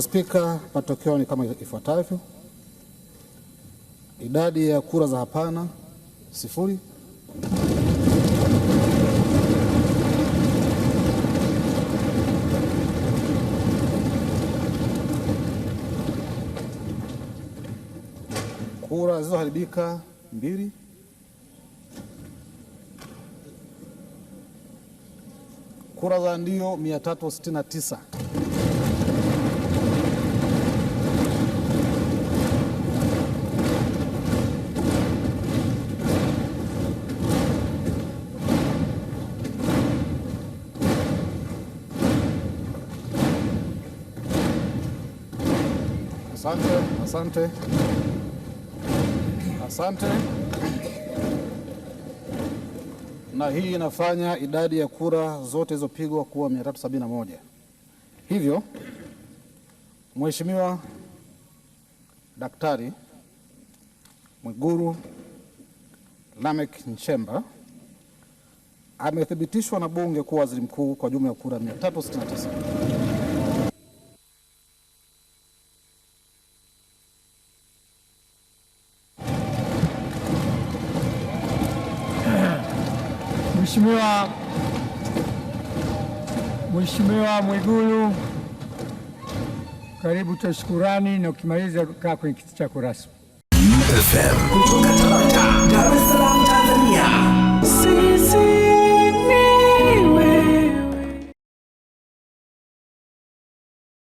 Spika, matokeo ni kama ifuatavyo: idadi ya kura za hapana sifuri, kura zilizoharibika mbili, kura za ndio 369. Asante, asante, asante. Na hii inafanya idadi ya kura zote zilizopigwa kuwa 371. Hivyo Mheshimiwa Daktari Mwigulu Lameck Nchemba amethibitishwa na Bunge kuwa waziri mkuu kwa jumla ya kura 369. Mheshimiwa Mheshimiwa Mwigulu, karibu tashukurani, shukurani na ukimaliza kaa kwenye kiti chako rasmi.